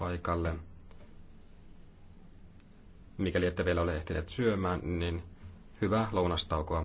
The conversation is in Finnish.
paikalle. Mikäli ette vielä ole ehtineet syömään, niin hyvää lounastaukoa.